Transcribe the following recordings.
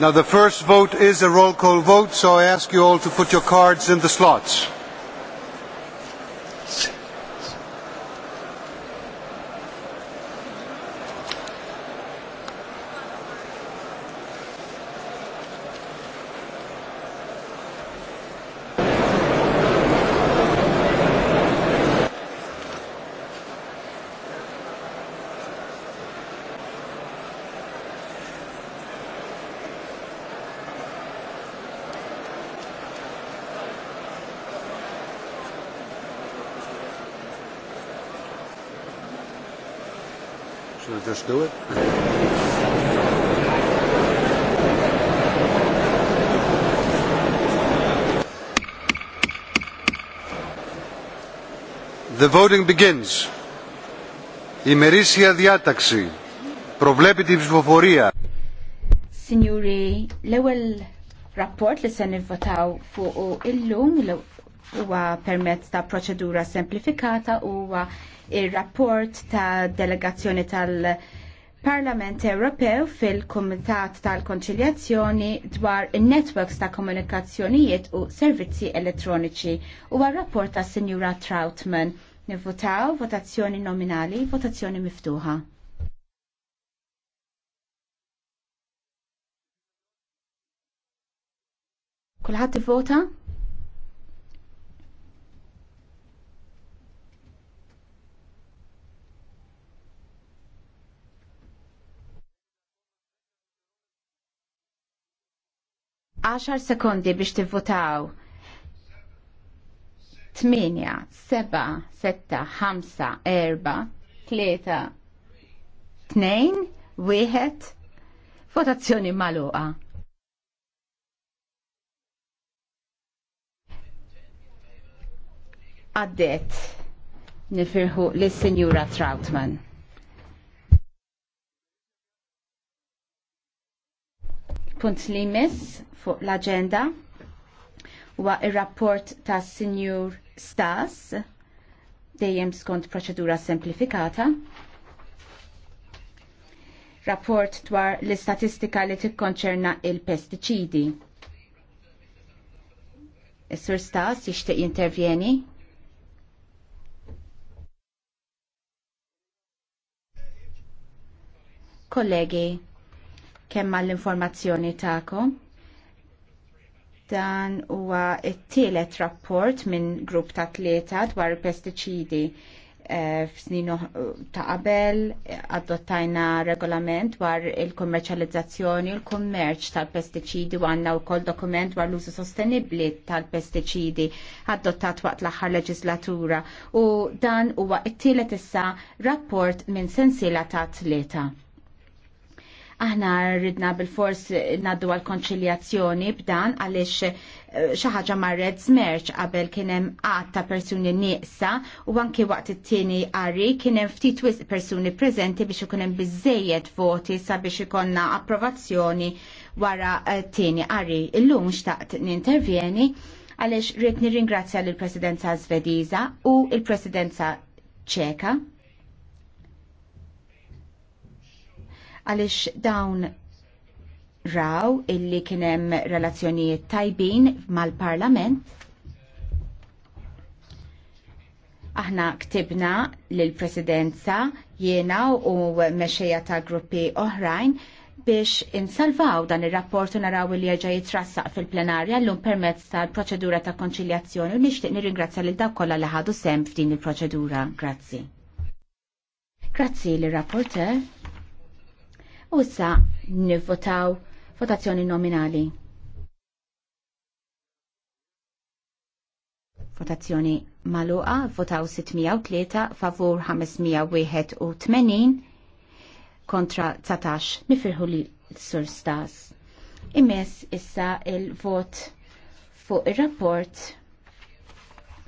Now the first vote is a roll call vote, so I ask you all to put your cards in the slots. we'll just do it. The voting begins. Η μερίσια διάταξη προβλέπει την ψηφοφορία. Signori, l-ewel rapport li se nivvotaw fuq illum huwa permezz ta' proċedura semplifikata huwa ir-rapport ta' delegazzjoni tal- Parlament Ewropew fil-Kumitat tal-Konċiljazzjoni dwar in-networks ta' komunikazzjonijiet u servizzi elettroniċi u rapport ta' Sinjura Trautman. Nivvotaw votazzjoni nominali, votazzjoni miftuħa. Kulħadd ivvota? 10 sekondi biex tivvotaw. 8, 7, 6, 5, 4, 3, 2, 1, votazzjoni maluqa. Għaddet nifirħu l-Sinjura Trautman. Punt li miss fuq l-agenda huwa ir-rapport ta' Sinjur Stas dejjem skont proċedura semplifikata. Rapport dwar l-istatistika li tikkonċerna il-pestiċidi. Is-Sur Stas jixtieq jintervjeni. Kollegi, kemm għall-informazzjoni tagħkom. Dan huwa t-tielet rapport minn grupp ta' tlieta dwar pestiċidi eh, f'snin ta' qabel adottajna regolament dwar il-kommerċjalizzazzjoni u l-kummerċ tal-pestiċidi u għandna wkoll dokument dwar l-użu sostenibbli tal-pestiċidi adottat waqt l-aħħar leġislatura u dan huwa t-tielet issa rapport minn sensiela ta' tlieta. Aħna rridna bil-fors naddu għal-konċiljazzjoni b'dan għaliex eh, xaħġa marret zmerċ qabel kienem għatta ta' persuni nieqsa u anki waqt it-tieni għarri kienem ftit wisq persuni preżenti biex ikunem biżejjed voti sabiex ikonna approvazzjoni wara eh, t-tieni qari. Illum xtaqt n-intervjeni għaliex rrid nirringrazzja lill-Presidenza Svediża u l-Presidenza Ċeka għaliex dawn raw illi kienem relazzjonijiet tajbin mal-parlament. Aħna ktibna l-presidenza jiena u meċeja ta' gruppi oħrajn biex insalvaw dan ir-rapport u naraw li jerġa' jitrassaq fil-plenarja llum permezz tal-proċedura ta' konċiljazzjoni u nixtieq nirringrazzja lil dawk kollha li ħadu sem f'din il-proċedura. Grazzi. Grazzi l rapporter u sa nivvotaw votazzjoni nominali. Votazzjoni maluqa votaw 603 favur 581 kontra 19 nifirħu li sur stas. Imess issa il-vot fuq il-rapport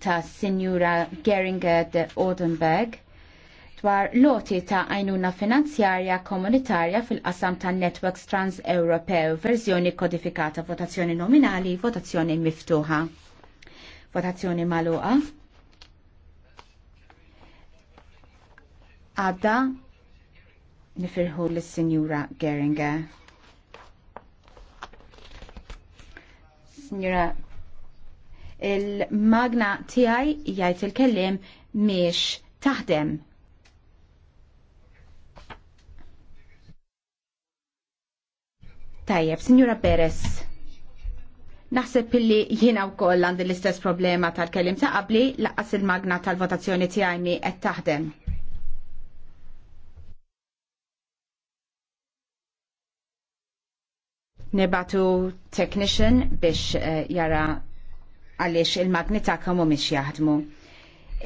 ta' Signora Geringer de Odenberg dwar loti ta' għajnuna finanzjarja komunitarja fil-qasam ta' Networks trans europew verżjoni kodifikata, votazzjoni nominali, votazzjoni miftuħa. Votazzjoni maluqa. Għadda nifirħu l-Sinjura Geringer. Sinjura il-magna tiegħi jgħid il-kellim miex taħdem. Tajjeb, Signora Perez, naħseb illi jiena wkoll għandi l-istess problema tal-kelim ta' qabli laqqas il-magna tal-votazzjoni tiegħi mi qed taħdem. Nebatu technician biex eh, jara għaliex il-magni ta' kamu miex jaħdmu.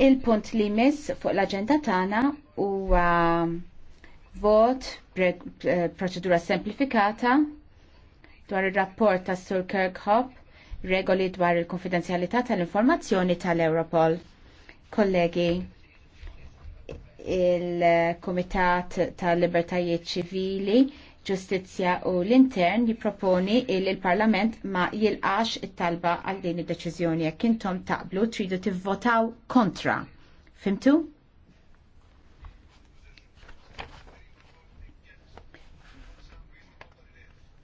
Il-punt li miss fuq l-agenda tagħna huwa vot, eh, proċedura semplifikata, dwar ir-rapport tas Sur Hope, regoli dwar il-konfidenzjalità tal-informazzjoni tal-Europol. Kollegi, il-Komitat tal-Libertajiet Ċivili, Ġustizzja u l-Intern jipproponi il il-Parlament ma jilqax it-talba għal din id-deċiżjoni jekk intom taqblu tridu tivvotaw kontra. Fimtu?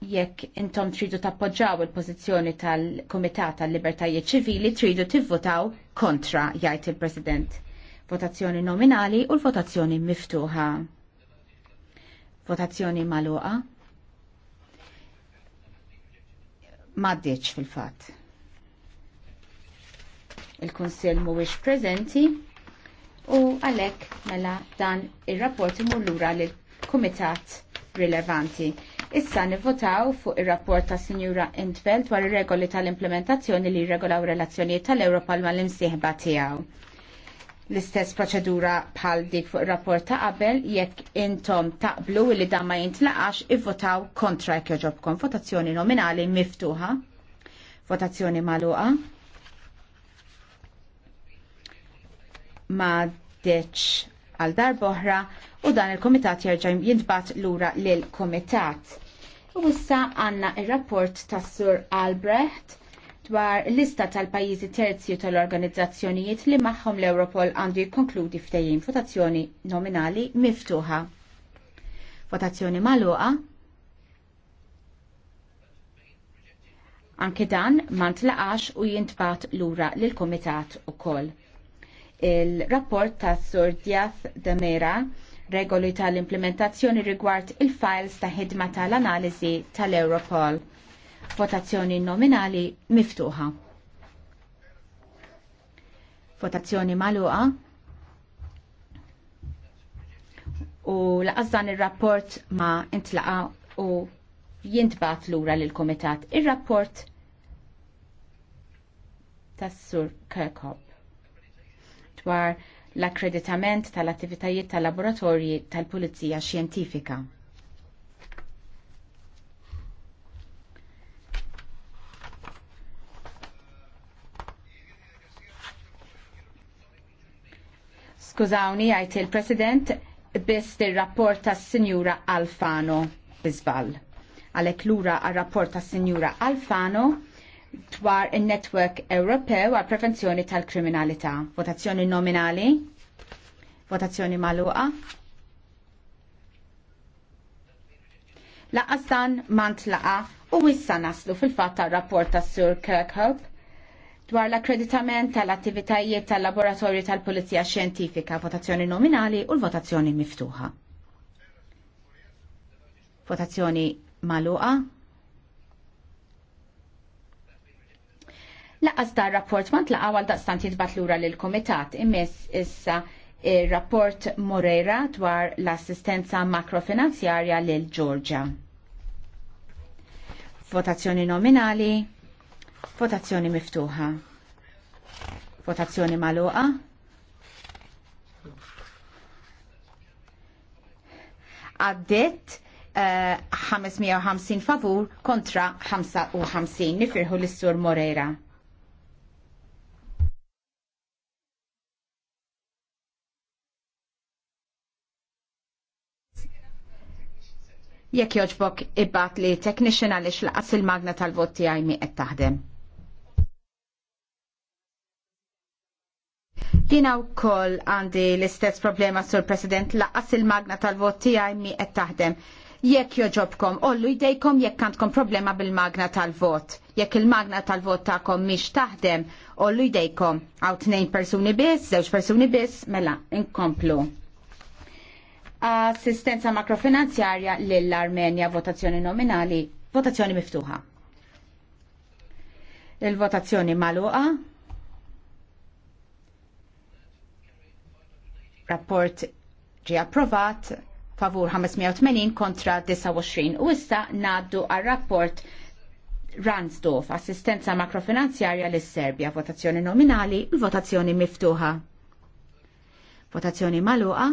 jekk intom tridu tappoġġaw il-pożizzjoni tal-Kumitat tal-Libertajiet Ċivili tridu tivvotaw kontra jgħid il-President. Votazzjoni nominali u l-votazzjoni miftuħa. Votazzjoni maluqa. Maddiċ fil-fat. Il-Kunsill mhuwiex preżenti u għalhekk mela dan ir-rapport imur lura lill-Kumitat rilevanti. Issa nivotaw fuq ir-rapport ta' Sinjura Entfeld dwar ir-regoli tal-implementazzjoni li jirregolaw relazzjonijiet tal-Ewropa mal-imsieħba tiegħu. L-istess proċedura bħal dik fuq ir-rapport ta' qabel jekk intom taqblu li dan ma jintlaqax ivvotaw kontra jekk joġobkom votazzjoni nominali miftuħa. Votazzjoni magħluqa. Ma deċ għal darboħra u dan il-komitat jerġa' jintbat lura lil komitat. U issa għanna il-rapport tas Sur Albrecht dwar lista tal-pajjiżi terzi u tal-organizzazzjonijiet li magħhom l-Europol għandu jikkonkludi ftehim votazzjoni nominali miftuħa. Votazzjoni magħluqa. Anke dan ma ntlaqax u jintbat lura lil komitat ukoll il-rapport ta' Sur Diaz de Mera regoli tal-implementazzjoni rigward il-files ta' ħidma tal-analizi tal-Europol. Votazzjoni nominali miftuħa. Votazzjoni maluqa. U laqas dan il-rapport ma intlaqa u jintbat lura l-komitat. Il-rapport tas-sur Kirkhope dwar l-akkreditament tal-attivitajiet tal-laboratorji tal-Pulizija Xjentifika. Skużawni, għajt il-President, biss il-rapport tas Sinjura Alfano bizbal. Għalek lura għal-rapport tas Sinjura Alfano, dwar il-Network Ewropew għal prevenzjoni tal-kriminalità. Votazzjoni nominali, votazzjoni maluqa. Laqas dan mant laqa u issa naslu fil-fatt tar-rapport tas Sur Kirkhope dwar l-akkreditament tal-attivitajiet tal-laboratorju tal-Pulizija Xjentifika, votazzjoni nominali u l-votazzjoni miftuħa. Votazzjoni maluqa. Laqas dar rapport ma tlaqa għal daqstant jitbat lura lil komitat immess issa il-rapport Moreira dwar l-assistenza makrofinanzjarja lil Georgia. Votazzjoni nominali, votazzjoni miftuħa. Votazzjoni maluqa. Għaddit 550 eh, favur kontra 55 nifirħu l-Sur Moreira. Jekk joġbok ibbat li technician għaliex laqas il-magna tal-vot tiegħi mi qed taħdem. Jina u koll għandi l-istess problema sur President laqas il-magna tal-vot tiegħi mi qed taħdem. Jekk joġobkom, ollu jdejkom jekk għandkom problema bil-magna tal-vot. Jekk il-magna tal-vot tagħkom miex taħdem, ollu jdejkom. Għaw t-nejn persuni biss, żewġ persuni biss, mela, inkomplu assistenza makrofinanzjarja lill-Armenja votazzjoni nominali, votazzjoni miftuħa. Il-votazzjoni maluqa. Rapport ġi approvat favur 580 kontra 29 u issa naddu għal rapport Ransdorf, assistenza makrofinanzjarja lis-Serbja, votazzjoni nominali, votazzjoni miftuħa. Votazzjoni maluqa.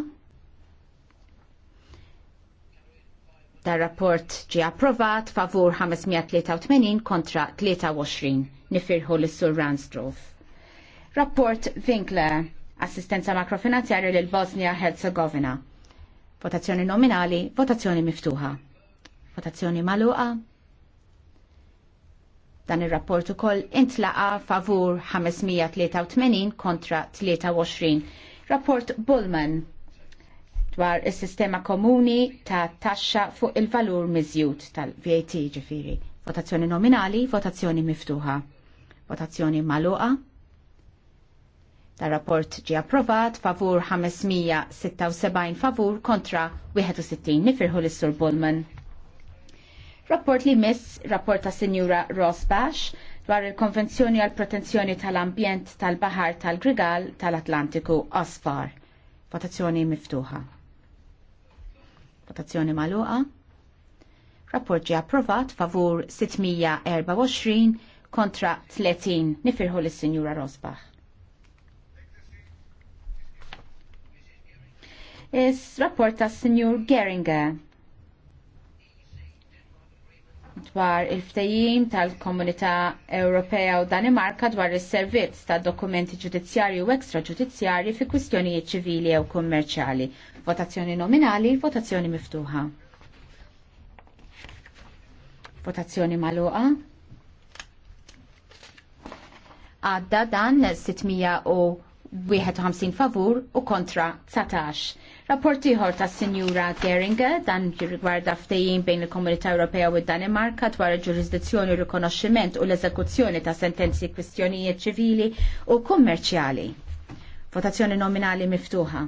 Dar rapport ġi approvat favur 583 kontra 23 nifirħu l-Sur Ransdorf. Rapport Winkler, assistenza makrofinanzjarja l bosnia Herzegovina. Votazzjoni nominali, votazzjoni miftuħa. Votazzjoni maluqa. Dan il-rapport ukoll intlaqa favur 583 kontra 23. Rapport Bullman, dwar is-sistema komuni ta' taxxa fuq il-valur miżjud tal-VAT ġifiri. Votazzjoni nominali, votazzjoni miftuħa. Votazzjoni maluqa. Tar-rapport ġi approvat favur 576 favur kontra 61 nifirħu l-Sur Bullman. Rapport li miss, rapport ta' Sinjura Ross Bash, dwar il-Konvenzjoni għal protezzjoni tal-ambjent tal-bahar tal-Grigal tal-Atlantiku OSFAR. Votazzjoni miftuħa. Votazzjoni maluqa. Rapport ġi approvat favur 624 kontra 30. Nifirħu l-Sinjura Rosbach. Is rapport tas Sinjur Geringer dwar il ftejim tal-Komunità Ewropea u Danimarka dwar is-servizz ta' dokumenti ġudizzjarji u ekstraġudizzjarji fi kwistjonijiet ċivili u kommerċjali, Votazzjoni nominali, votazzjoni miftuħa. Votazzjoni maluqa. Għadda dan 651 favur u kontra 19. Rapport ieħor ta' Sinjura Geringer dan rigwarda ftejjin bejn il-Komunità Ewropea u d-Danimarka dwar il-ġurisdizzjoni, u rikonoxximent u l-eżekuzzjoni ta' sentenzi kwistjonijiet ċivili u kummerċjali. Votazzjoni nominali miftuħa.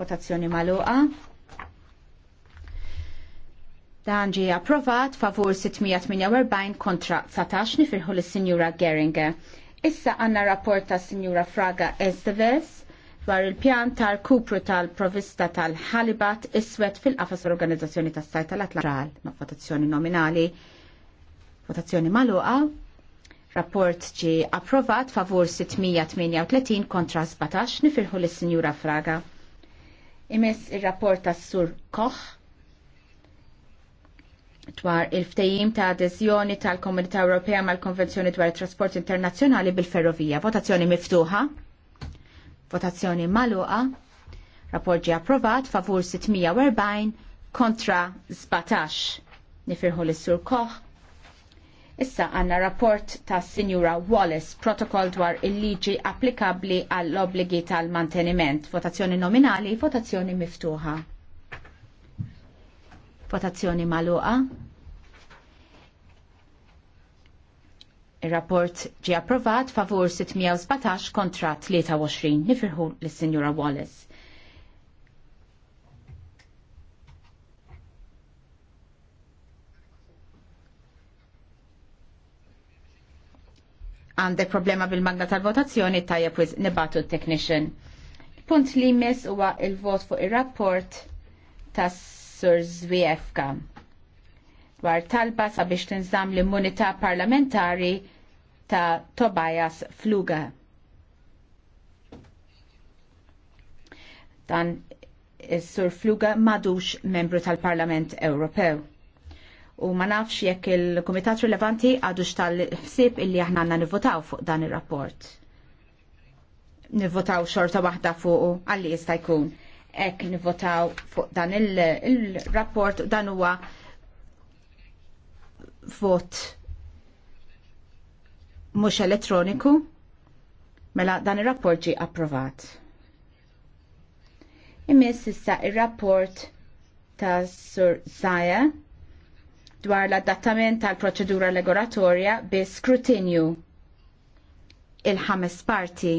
Votazzjoni maluqa. Dan ġie approvat favur 648 kontra 19 nifirħu l-Sinjura Geringer. Issa għanna rapport ta' Sinjura Fraga Esteves dwar il-pjan tal-kupru tal-provista tal-ħalibat iswet fil-qafas l-Organizzazzjoni tas sajt tal atlantral ma' votazzjoni nominali. Votazzjoni maluqa. Rapport ġi approvat favur 638 kontra 17 nifirħu l-Sinjura Fraga. Imess il-rapport tas sur Koch dwar il-ftejim ta' adeżjoni tal-Komunità Ewropea mal-Konvenzjoni dwar it-Trasport Internazzjonali bil-Ferrovija. Votazzjoni miftuħa. Votazzjoni maluqa. Rapport ġi approvat favur 640 kontra 17. Nifirħu l-Sur Koch. Issa għanna rapport ta' Sinjura Wallace, protokoll dwar il-liġi applikabli għall-obligi tal-manteniment, votazzjoni nominali, votazzjoni miftuħa. Votazzjoni maluqa. Il-rapport ġi approvat favur 617 kontra 23 nifirħu l-Sinjura Wallace. għandek problema bil-magna tal-votazzjoni tajja pwiz nibatu technician. Punt li mis huwa il-vot fuq il-rapport tas Sur Zwiefka dwar talba sabiex tinżam l-immunità parlamentari ta' Tobias Fluga. Dan is-Sur Fluga madux membru tal-Parlament Ewropew. U ma nafx jekk il-Kumitat Rilevanti għadux tal-ħsieb illi aħna għandna nivvotaw fuq dan ir-rapport. Nivvotaw xorta waħda fuq għalli jista' jkun. Ek nivvotaw fuq dan il-rapport il rapport dan huwa vot mhux elettroniku mela dan ir-rapport ġie approvat. Imiss issa ir-rapport ta' Sur Zaja dwar l-adattament tal-proċedura legoratorja bi skrutinju il-ħames parti.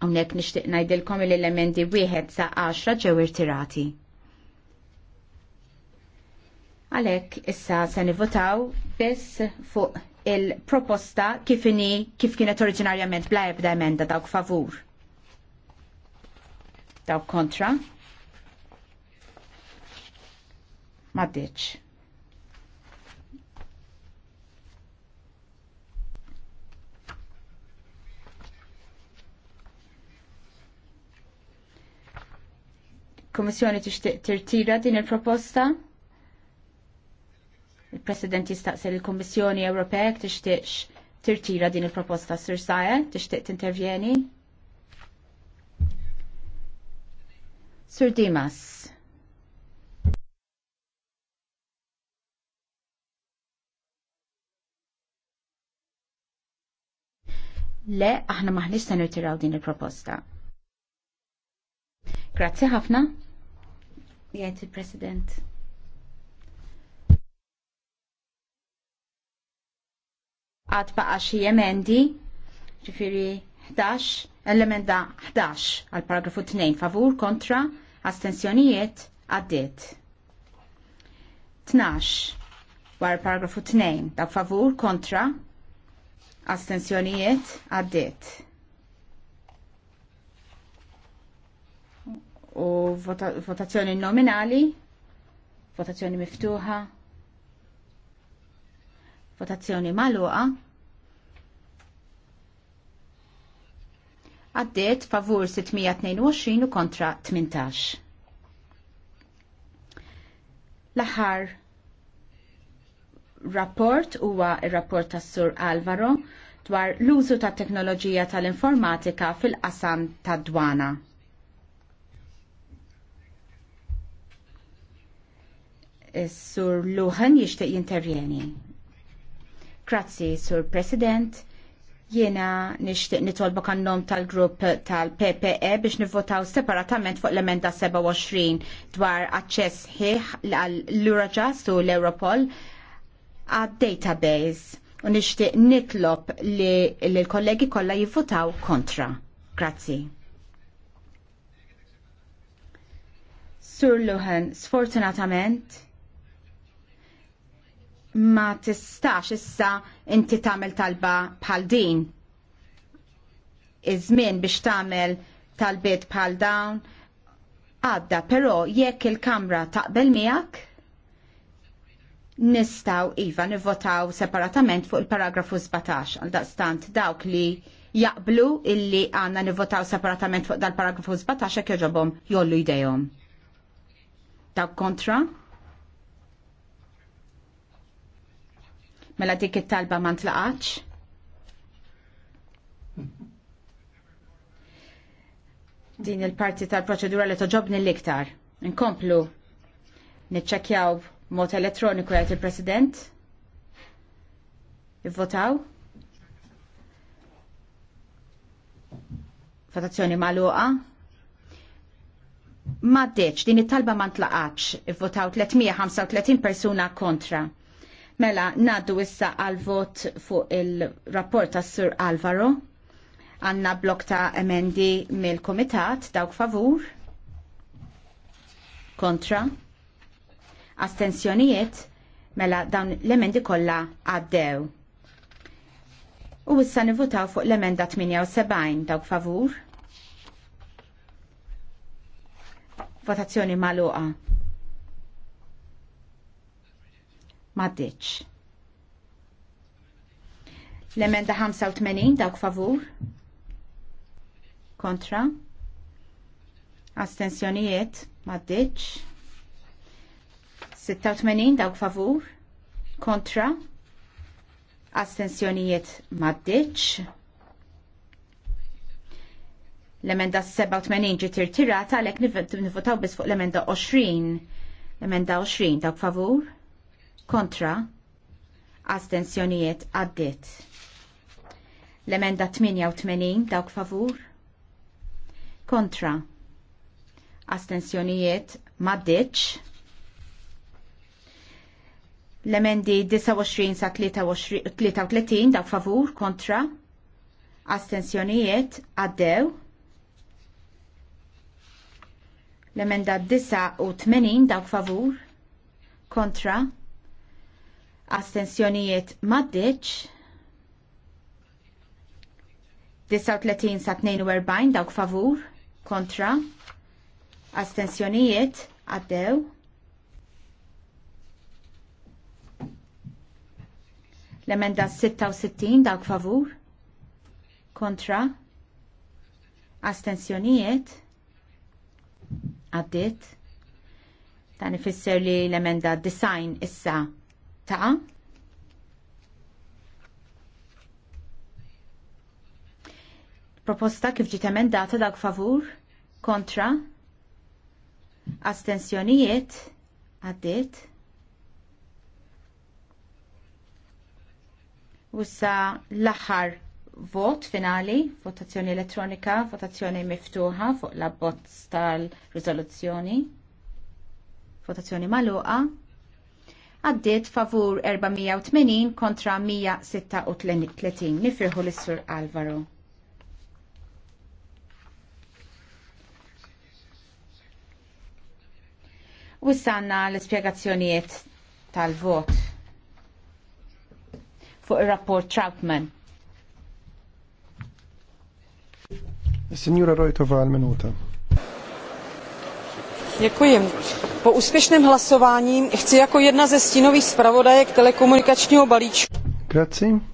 Għonek nishtiq najdilkom l-elementi wieħed sa' 10 ġew irtirati. Għalek, issa se nivotaw biss fuq il-proposta kifini kif kienet oriġinarjament bla ebda emenda dawk favur. Dawk kontra. Maddiċ. Komissjoni tixtieq tirtira din il-proposta? President jistaqsel il-Kommissjoni Ewropea tixtieqx tirtira din il-proposta Sir Sajel, tixtieq tintervjeni? Sir Dimas. Le, aħna maħniex se nirtiraw din il-proposta. Grazzi ħafna. Jajt il-President. għad baqa xie emendi, ġifiri 11, elementa 11 għal paragrafu 2 favur kontra astensjonijiet għaddit. 12 għal paragrafu 2 da favur kontra astensjonijiet għaddit. U vota votazzjoni nominali, votazzjoni miftuħa, Votazzjoni maluqa. Għaddiet favur 622 u kontra 18. L-aħħar rapport huwa r-rapport tas-Sur Alvaro dwar l-użu ta' teknoloġija tal-informatika fil-qasam ta' dwana. Is-sur Luhan jixtieq jintervjeni. Grazzi, Sur President. Jena nishtiq nitolba kannom tal-grupp tal-PPE biex nivvotaw separatament fuq l-emenda 27 dwar aċċess ħieħ l-Eurojust u l-Europol għad-database u nishtiq nitlob li l-kollegi kollha jivvotaw kontra. Grazzi. Sur Luhan, sfortunatament, ma tistax issa inti tagħmel talba bħal din. Iż-żmien biex tagħmel talbiet bħal dawn għadda, però jekk il-Kamra taqbel miegħek nistaw iva nivvotaw separatament fuq il-paragrafu 17 għal daqstant dawk li jaqblu illi għanna nivvotaw separatament fuq dal-paragrafu 17 jek joġobom jollu jdejhom. Dawk kontra? Mela dik it-talba ma ntlaqatx. Din il-parti tal-proċedura li toġobni l-iktar. Nkomplu niċċekjaw mod elettroniku jgħid il-President. Ivvotaw. Votazzjoni maluqa. Ma deċ, din it-talba ma ntlaqax, ivvotaw 335 persuna kontra. Mela, naddu issa għal-vot fuq il-rapport tas Sur Alvaro. Għanna blok ta' emendi mill-komitat, dawk favur. Kontra. Astenzjonijiet, mela dawn l-emendi kollha għaddew. U issa nivutaw fuq l-emenda 78, dawk favur. Votazzjoni maluqa. maddiċ. L-emenda 85 dawk favur. Kontra. Astensjonijiet maddiċ. 86 dawk favur. Kontra. Astensjonijiet maddiċ. L-emenda 87 ġiet irtirata għalhekk nivvotaw biss fuq l-emenda 20. L-emenda 20 dawk favur kontra astensjonijiet għaddit. L-emenda 88 dawk favur kontra astensjonijiet maddiċ. L-emendi 29 sa 33 dawk favur kontra astensjonijiet għaddew l-emenda 89 dawk favur kontra astensjonijiet maddiċ 39 sa 42 dawk favur kontra astensjonijiet għaddew l-emenda 66 dawk favur kontra astensjonijiet għaddit dan ifisser li l-emenda design issa ta' proposta kif ġiet emendata dak favur kontra astensjonijiet għaddiet Wissa l-aħħar vot finali, votazzjoni elettronika, votazzjoni miftuħa fuq l-abbozz tal riżoluzzjoni votazzjoni maluqa għaddiet favur 480 kontra 136. Nifirħu l-Sur Alvaro. Wissanna l-spiegazzjonijiet tal-vot fuq il-rapport Troutman. Signora Rojtova għal-minuta. Děkuji. Po úspěšném hlasování chci jako jedna ze stínových zpravodajek telekomunikačního balíčku. Grazie.